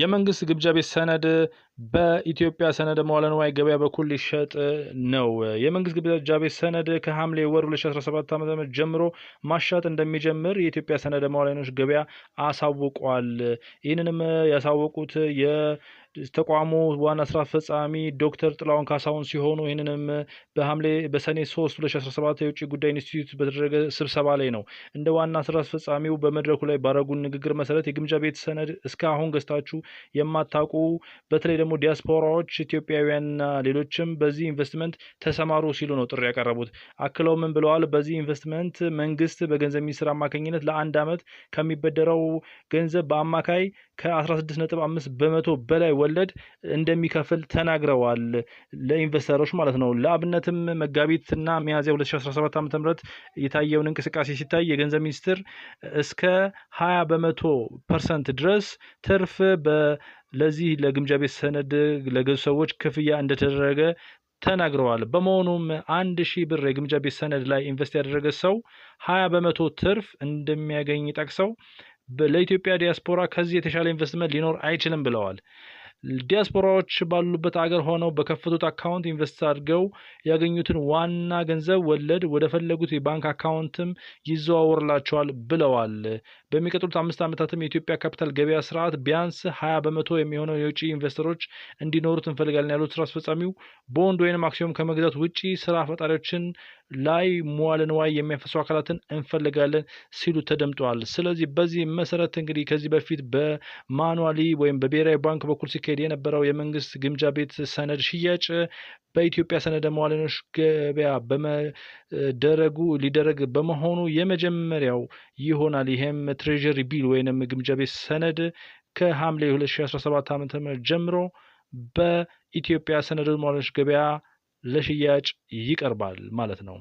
የመንግስት ግብጃ ቤት ሰነድ በኢትዮጵያ ሰነደ መዋለ ንዋይ ገበያ በኩል ሊሸጥ ነው። የመንግስት ግምጃ ቤት ሰነድ ከሐምሌ ወር 2017 ዓ.ም ጀምሮ ማሻጥ እንደሚጀምር የኢትዮጵያ ሰነደ መዋለ ገበያ አሳውቋል። ይህንንም ያሳወቁት የተቋሙ ዋና ስራ አስፈጻሚ ዶክተር ጥላሁን ካሳሁን ሲሆኑ ይህንንም በሐምሌ በሰኔ 3 2017 የውጭ ጉዳይ ኢንስቲትዩት በተደረገ ስብሰባ ላይ ነው። እንደ ዋና ስራ አስፈጻሚው በመድረኩ ላይ ባረጉን ንግግር መሰረት የግምጃ ቤት ሰነድ እስከ አሁን ገዝታችሁ የማታውቁ በተለይ ደግሞ ደግሞ ዲያስፖራዎች ኢትዮጵያውያንና ሌሎችም በዚህ ኢንቨስትመንት ተሰማሩ ሲሉ ነው ጥሪ ያቀረቡት። አክለው ምን ብለዋል? በዚህ ኢንቨስትመንት መንግስት በገንዘብ ሚኒስትር አማካኝነት ለአንድ ዓመት ከሚበደረው ገንዘብ በአማካይ ከ16.5 በመቶ በላይ ወለድ እንደሚከፍል ተናግረዋል። ለኢንቨስተሮች ማለት ነው። ለአብነትም መጋቢትና ሚያዝያ 2017 ዓ ም የታየውን እንቅስቃሴ ሲታይ የገንዘብ ሚኒስትር እስከ 20 በመቶ ፐርሰንት ድረስ ትርፍ በ ለዚህ ለግምጃ ቤት ሰነድ ለገዙ ሰዎች ክፍያ እንደተደረገ ተናግረዋል። በመሆኑም አንድ ሺህ ብር የግምጃ ቤት ሰነድ ላይ ኢንቨስት ያደረገ ሰው ሀያ በመቶ ትርፍ እንደሚያገኝ ጠቅሰው ለኢትዮጵያ ዲያስፖራ ከዚህ የተሻለ ኢንቨስትመንት ሊኖር አይችልም ብለዋል። ዲያስፖራዎች ባሉበት አገር ሆነው በከፈቱት አካውንት ኢንቨስት አድርገው ያገኙትን ዋና ገንዘብ ወለድ ወደ ፈለጉት የባንክ አካውንትም ይዘዋወርላቸዋል ብለዋል። በሚቀጥሉት አምስት ዓመታትም የኢትዮጵያ ካፒታል ገበያ ስርዓት ቢያንስ ሀያ በመቶ የሚሆነው የውጭ ኢንቨስተሮች እንዲኖሩት እንፈልጋለን ያሉት ስራ አስፈጻሚው ቦንድ ወይንም አክሲዮን ከመግዛት ውጪ ስራ ፈጣሪዎችን ላይ መዋለ ንዋይ የሚያፈሱ አካላትን እንፈልጋለን ሲሉ ተደምጠዋል። ስለዚህ በዚህ መሰረት እንግዲህ ከዚህ በፊት በማኑዋሊ ወይም በብሔራዊ ባንክ በኩል ሲካሄድ የነበረው የመንግስት ግምጃ ቤት ሰነድ ሽያጭ በኢትዮጵያ ሰነደ መዋለ ገበያ በመደረጉ ሊደረግ በመሆኑ የመጀመሪያው ይሆናል። ይህም ትሬዥሪ ቢል ወይንም ግምጃ ቤት ሰነድ ከሐምሌ 2017 ዓ ም ጀምሮ በኢትዮጵያ ሰነደ መዋለ ገበያ ለሽያጭ ይቀርባል ማለት ነው።